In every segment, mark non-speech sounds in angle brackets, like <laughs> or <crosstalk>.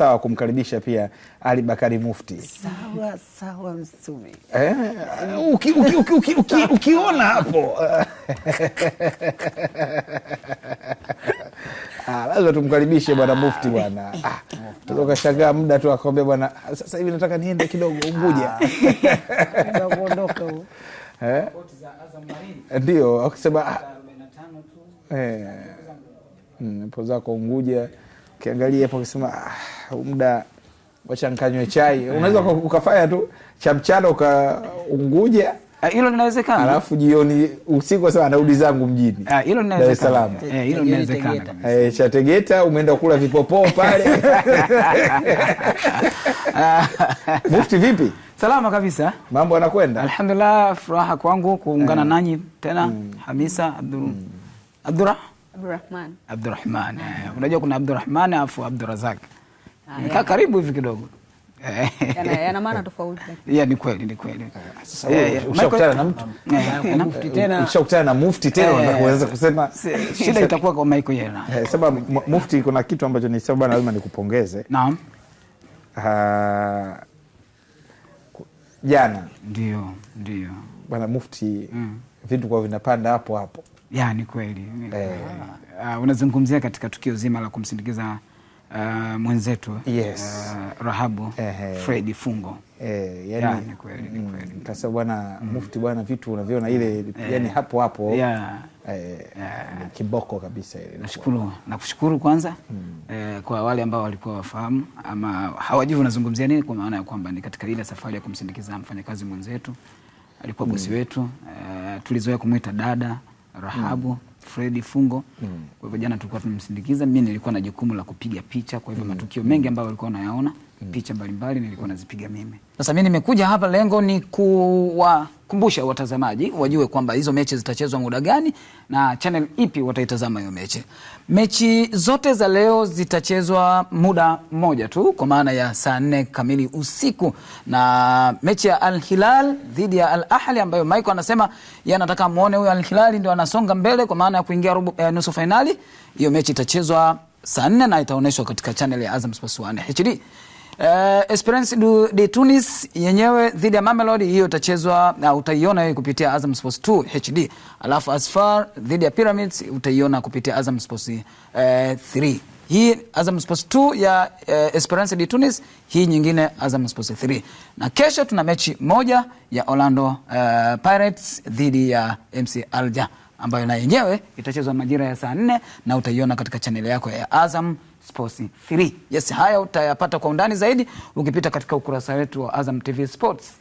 sawa kumkaribisha pia Ali Bakari Mufti. Sawa sawa Msume, eh, uki, uki, uki, uki, uki, ukiona hapo Ah, lazima tumkaribishe bwana Mufti bwana. Ah, ah, Toka shangaa muda tu akamwambia bwana, sasa hivi nataka niende kidogo Unguja. Ah, eh? Ndio, akisema eh, mm, po zako Unguja. Kiangalia hapo akisema ah muda wachankanywe chai Unaweza ukafanya tu chamchana ukaunguja ah, hilo linawezekana, alafu jioni usiku sasa anarudi zangu mjini. Ah, hilo linawezekana, eh, hilo linawezekana eh, cha Tegeta umeenda kula vipopoo pale. <laughs> Mufti, vipi? Salama kabisa, mambo anakwenda alhamdulillah. Furaha kwangu kuungana eh. nanyi tena mm. Hamisa abdurahman mm. Abdurrahman Abdurrahman, unajua kuna Abdurrahman alafu Abdurazak Ah, Kaa karibu hivi kidogo. Yana, maana tofauti. <laughs> Ya ni kweli ni kweli. Ah, sasa ushakutana na mtu? <laughs> Eh, ushakutana na mufti tena eh, na kuweza kusema shida itakuwa kwa Michael Yena. Eh, sababu mufti kuna kitu ambacho ni sababu bwana lazima nikupongeze. Naam. Ah, jana. Ndio, ndio. Bwana mufti mm. vitu kwa vinapanda hapo hapo. Ya, ni kweli. eh. Unazungumzia katika tukio zima la kumsindikiza uh, mwenzetu yes. uh, Rahabu eh, Fredi Fungo eh, yani, mm, kasa bwana mm, Mufti bwana, vitu unavyona ile eh, yani eh. hapo hapo yeah. Eh, yeah. Kiboko kabisa ile. Nashukuru, nakushukuru kwanza mm, eh, kwa wale ambao walikuwa wafahamu ama hawajui unazungumzia nini, kwa maana ya kwamba ni katika ile safari ya kumsindikiza mfanyakazi mwenzetu alikuwa bosi mm, wetu eh, tulizoea kumwita dada Rahabu mm. Fredi Fungo mm. Kwa hivyo jana tulikuwa tunamsindikiza, mimi nilikuwa na jukumu la kupiga picha, kwa hivyo mm. matukio mengi ambayo walikuwa wanayaona Mm. picha mbalimbali nilikuwa nazipiga mimi. Sasa mimi nimekuja hapa, lengo ni kuwakumbusha watazamaji wajue kwamba hizo mechi zitachezwa muda gani na channel ipi wataitazama hiyo mechi. Mechi zote za leo zitachezwa muda mmoja tu, kwa maana ya saa nne kamili usiku, na mechi ya Al Hilal dhidi ya Al Ahli ambayo Michael anasema yeye anataka muone huyo Al Hilal ndio anasonga mbele kwa maana ya kuingia robo, eh, nusu fainali. Hiyo mechi itachezwa saa nne na itaonyeshwa katika channel ya Azam Sports 1 HD. Uh, Esperance du, de Tunis yenyewe dhidi ya Mamelodi hiyo itachezwa na uh, utaiona hiyo kupitia Azam Sports 2 HD. Alafu Asfar dhidi ya Pyramids utaiona kupitia Azam Sports uh, eh, 3. Hii Azam Sports 2 ya uh, Esperance de Tunis, hii nyingine Azam Sports 3. Na kesho tuna mechi moja ya Orlando uh, Pirates dhidi ya MC Alger ambayo na yenyewe itachezwa majira ya saa 4 na utaiona katika chaneli yako ya Azam Sports 3. Yes, haya utayapata kwa undani zaidi ukipita katika ukurasa wetu wa Azam TV Sports.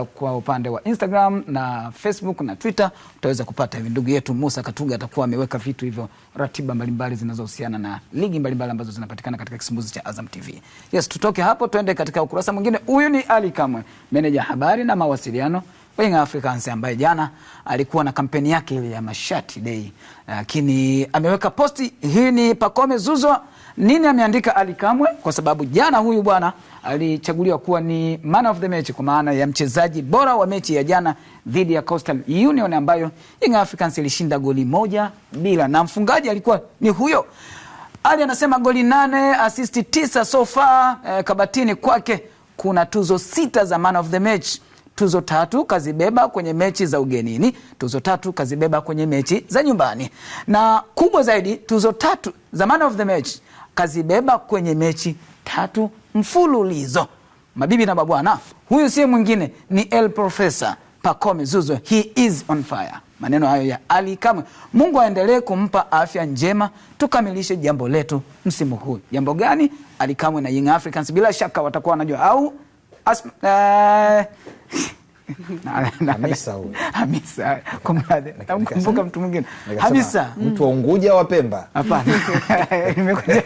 Uh, kwa upande wa Instagram na Facebook na Twitter utaweza kupata hivi. Ndugu yetu Musa Katuga atakuwa ameweka vitu hivyo, ratiba mbalimbali zinazohusiana na ligi mbalimbali ambazo zinapatikana katika kisimbuzi cha Azam TV. Yes, tutoke hapo tuende katika ukurasa mwingine. Huyu ni Ali Kamwe, meneja habari na mawasiliano Young Africans ambaye jana alikuwa na kampeni yake ile ya mashati day, lakini ameweka posti hii. Ni Pacome Zuzwa nini ameandika Ali Kamwe? Kwa sababu jana huyu bwana alichaguliwa kuwa ni man of the match kwa maana ya mchezaji bora wa mechi ya jana dhidi ya Coastal Union ambayo Young Africans ilishinda goli moja bila, na mfungaji alikuwa ni huyo. Ali anasema goli nane, asisti tisa so far. Eh, kabatini kwake kuna tuzo sita za man of the match. Tuzo tatu kazibeba kwenye mechi za ugenini, tuzo tatu kazibeba kwenye mechi za nyumbani, na kubwa zaidi tuzo tatu za man of the match kazibeba kwenye mechi tatu mfululizo. Mabibi na mabwana, huyu si mwingine ni El Profesa Pacome Zuzo, he is on fire. Maneno hayo ya Ali Kamwe. Mungu aendelee kumpa afya njema, tukamilishe jambo letu msimu huu. Jambo gani? Ali Kamwe na Young Africans bila shaka watakuwa wanajua au Asma, uh... Hamisa kumkumbuka mtu mwingine Hamisa, mtu wa Unguja wa Pemba? Hapana, <laughs> nimekuja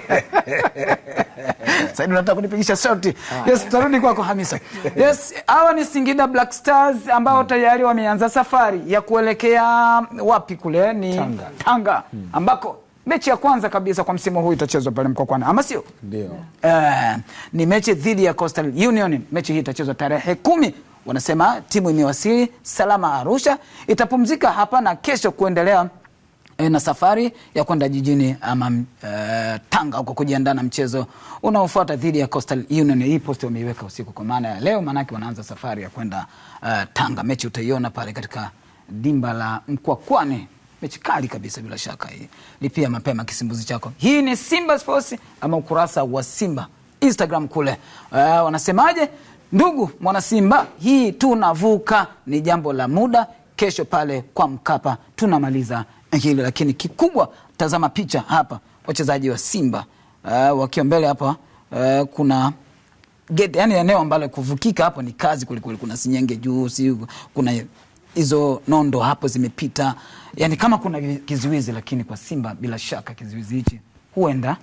sasa nataka kunipigisha shoti. Ah. Yes, tarudi kwako Hamisa. Yes, hawa ni Singida Black Stars ambao hmm. tayari wameanza safari ya kuelekea mm, wapi? Kule ni Tanga, Tanga hmm. ambako mechi ya kwanza kabisa kwa msimu huu itachezwa pale Mkwakwani, ama sio? Ndio. Uh, ni mechi dhidi ya Coastal Union. Mechi hii itachezwa tarehe kumi wanasema timu imewasili salama Arusha, itapumzika hapa na kesho kuendelea e, na safari ya kwenda jijini ama e, Tanga huko kujiandaa na mchezo unaofuata dhidi ya Coastal Union. Hii posti wameiweka usiku kwa maana ya leo, maanake wanaanza safari ya kwenda e, Tanga. Mechi utaiona pale katika dimba la Mkwakwani. Mechi kali kabisa bila shaka hii. Lipia mapema kisimbuzi chako. Hii ni Simba Sports ama ukurasa wa Simba Instagram kule. Uh, wanasemaje? Ndugu mwanasimba, hii tunavuka ni jambo la muda. Kesho pale kwa Mkapa tunamaliza hili, lakini kikubwa, tazama picha hapa, wachezaji wa Simba uh, wakiwa mbele hapa uh, kuna geti, yani eneo ambalo kuvukika hapo ni kazi kulikuli Kuna sinyenge juu, si kuna hizo nondo hapo zimepita, yani kama kuna kizuizi, lakini kwa Simba bila shaka kizuizi hichi huenda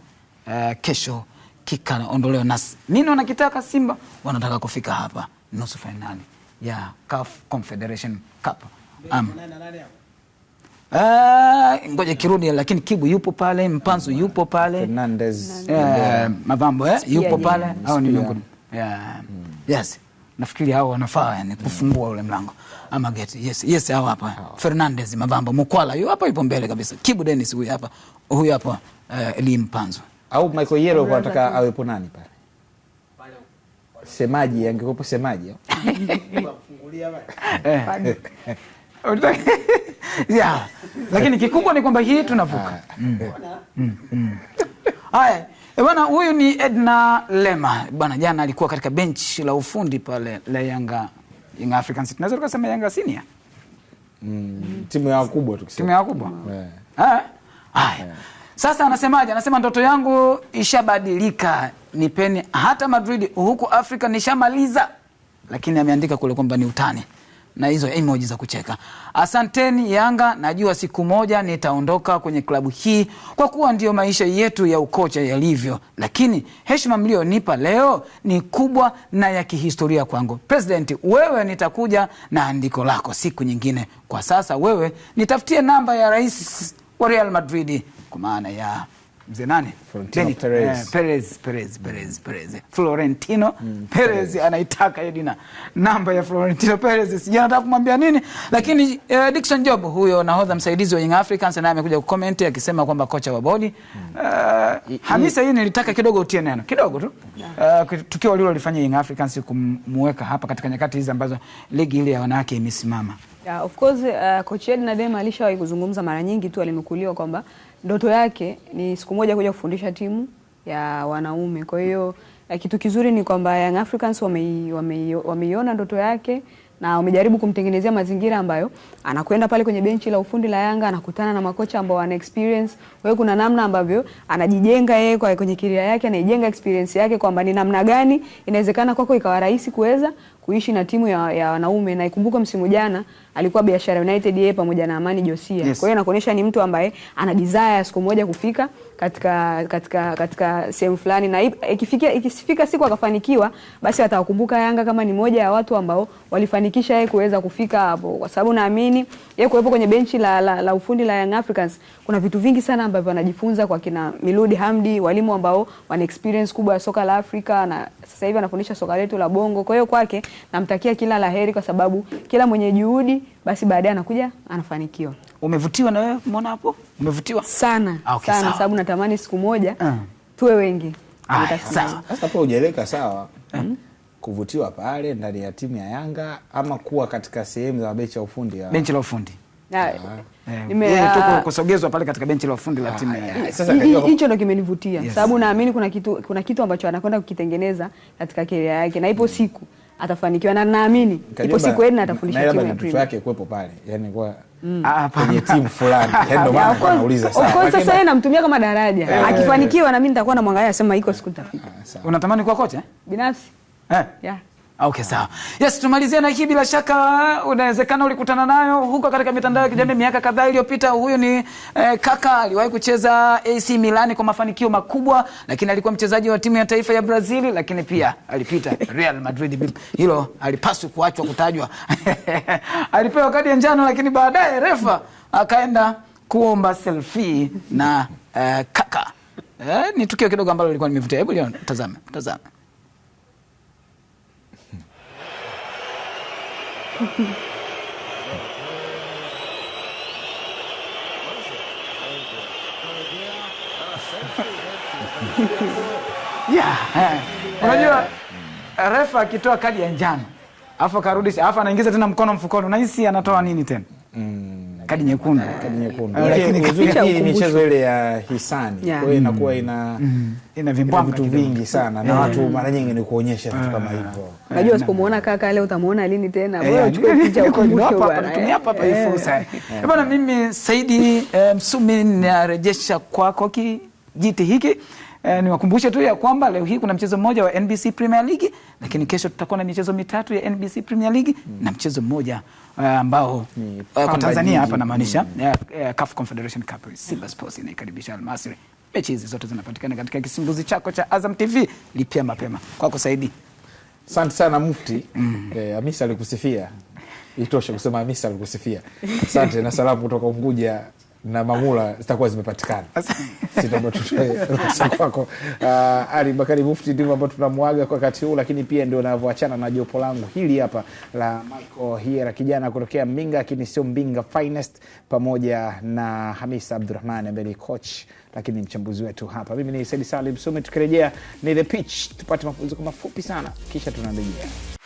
uh, kesho kikaondolewa. Na nini wanakitaka Simba? Wanataka kufika hapa nusu fainali ya CAF Confederation Cup. Um, Ngoja kirudi, lakini Kibu yupo pale, Mpanzu yupo pale, Fernandez eh, Mavambo eh, yupo pale, au ni miongoni hmm. yes nafikiri hao wanafaa yani kufungua ule mlango ama geti. Yes, yes, hao hapa Fernandez Mavambo Mukwala, yupo hapa, yupo mbele kabisa. Kibu Dennis huyu hapa, huyu hapa Elie eh, Mpanzu au Michael Yero nataka awepo nani pale semaji, angekupa semaji <laughs> eh. <laughs> ya Lakini kikubwa ni kwamba hii tunavuka ah. mm. Mm. Mm. haya. Eh, bwana huyu ni Edna Lema bwana, jana alikuwa katika benchi la ufundi pale la Yanga, Yanga Africans, tunaweza tukasema Yanga senior mm, timu ya wakubwa tukisema timu ya wakubwa eh. haya. Sasa anasemaje? Anasema ndoto yangu ishabadilika, nipeni hata Madrid, huku Afrika nishamaliza. Lakini ameandika kule kwamba ni utani na hizo emoji za kucheka. Asanteni Yanga, najua siku moja nitaondoka kwenye klabu hii kwa kuwa ndiyo maisha yetu ya ukocha yalivyo, lakini heshima mliyonipa leo ni kubwa na ya kihistoria kwangu. President, wewe nitakuja na andiko lako siku nyingine. Kwa sasa wewe nitafutie namba ya rais wa Real Madrid kwa maana ya mzee nani eh, Perez, Perez, Perez, Perez. Florentino mm, Perez anaitaka hiyo dina namba ya Florentino Perez, sijui anataka kumwambia nini, lakini eh, Dickson Job huyo nahodha msaidizi wa Young Africans naye amekuja kucomment akisema kwamba kocha wa bodi mm. uh, Hamisa, hii nilitaka kidogo utie neno kidogo tu uh, tukio walilolifanya Young Africans kumweka hapa katika nyakati hizi ambazo ligi ile ya wanawake imesimama. Yeah, of course uh, coach Edna Dema alishawahi kuzungumza mara nyingi tu, alimekuliwa kwamba ndoto yake ni siku moja kuja kufundisha timu ya wanaume. Kwa hiyo eh, kitu kizuri ni kwamba Young Africans wameiona wame, wame ndoto yake na wamejaribu kumtengenezea mazingira ambayo anakwenda pale kwenye benchi la ufundi la Yanga, anakutana na makocha ambao wana experience. Kwa hiyo kuna namna ambavyo anajijenga yeye kwa kwenye kiria yake, anaijenga experience yake kwamba ni namna gani inawezekana kwako ikawa rahisi kuweza kuishi na timu ya wanaume, na ikumbuka msimu jana alikuwa Biashara United yeye pamoja na Amani Josia. Yes. Kwa hiyo anakuonyesha ni mtu ambaye ana desire siku moja kufika katika katika katika sehemu fulani, na ikifikia ikifika siku akafanikiwa, basi atawakumbuka Yanga kama ni moja ya watu ambao walifanikisha yeye kuweza kufika hapo, kwa sababu naamini yeye kuwepo kwenye benchi la, la, la ufundi la Young Africans kuna vitu vingi sana ambavyo anajifunza kwa kina Miludi Hamdi, walimu ambao wana experience kubwa ya soka la Afrika na sasa hivi anafundisha soka letu la Bongo. Kwa hiyo kwake namtakia kila laheri, kwa sababu kila mwenye juhudi basi baadaye anakuja anafanikiwa. Umevutiwa na wewe umeona hapo, umevutiwa sana ah, okay, sana sababu natamani siku moja mm. tuwe wengi. Ah, Sasa hapo hujaeleka sawa eh. kuvutiwa pale ndani ya timu ya Yanga ama kuwa katika sehemu za benchi ya ufundi, benchi la ufundi ah, eh, kusogezwa pale katika benchi la ufundi la timu hicho ndo kimenivutia, sababu naamini kuna kitu, kuna kitu ambacho anakwenda kukitengeneza katika keria yake na ipo siku atafanikiwa na naamini ipo siku yeye atafundisha timu ya Dream yake kuepo pale, yani kwa mm. ah, kwenye timu fulani yaani ndio maana anauliza sana. Kwa sasa yeye namtumia kama daraja eh. akifanikiwa na mimi nitakuwa namwangalia sema iko siku tafika. Ah, Unatamani kuwa kocha binafsi eh? yeah Okay, sawa. Yes, tumalizia na hii bila shaka unawezekana ulikutana nayo huko katika mitandao ya kijamii miaka kadhaa iliyopita. Huyu ni eh, Kaka aliwahi kucheza AC Milan kwa mafanikio makubwa, lakini alikuwa mchezaji wa timu ya taifa ya Brazil, lakini pia alipita Real Madrid. Hilo alipaswi kuachwa kutajwa. <laughs> Alipewa kadi ya njano, lakini baadaye refa akaenda kuomba selfie na eh, Kaka. Eh, ni tukio kidogo ambalo lilikuwa nimevutia. Hebu lione, tazame, tazame. yeah, unajua refa akitoa kadi ya njano alafu akarudisha alafu anaingiza tena mkono mfukoni, unahisi anatoa nini tena? mm kadi nyekundu, ah, kadi nyekundu. Lakini picha hii michezo ile ya hisani, kwa hiyo inakuwa ina mm. ina vitu vingi sana, na eh. watu mara nyingi ni kuonyesha vitu kama ah. hivyo. Unajua, usipomuona eh, kaka leo utamuona lini tena? Eh, Wewe uchukue yaani, picha <laughs> ukumbushe hapa Tumia hapa hapa hii fursa. Bwana, mimi Saidi Msumi, narejesha kwako ki kijiti hiki eh, niwakumbushe tu ya kwamba leo hii kuna mchezo mmoja wa NBC Premier League, lakini kesho tutakuwa na michezo mitatu ya NBC Premier League mm. na mchezo mmoja eh, ambao uh, mm. kwa Tanzania hapa namaanisha mm. uh, uh, CAF Confederation Cup. Simba Sports inaikaribisha Almasri. Mechi hizi zote zinapatikana katika kisimbuzi chako cha Azam TV. Lipia mapema kwako Saidi. Asante sana Mufti. mm. Eh, Amisa alikusifia. Itoshe kusema Amisa alikusifia. Asante na salamu kutoka Unguja na mamula zitakuwa zimepatikana kwako. Uh, Ali Bakari Mufti ndivyo ambao tunamwaga kwa wakati huu, lakini pia ndio navyoachana na jopo langu hili hapa la Michael Hiera, kijana kutokea Mbinga lakini sio Mbinga finest, pamoja na Hamisa Abdurahman ambaye ni coach lakini mchambuzi wetu hapa. Mimi ni Said Salim Sumi, tukirejea ni the pitch, tupate mapumziko mafupi sana, kisha tunarejea.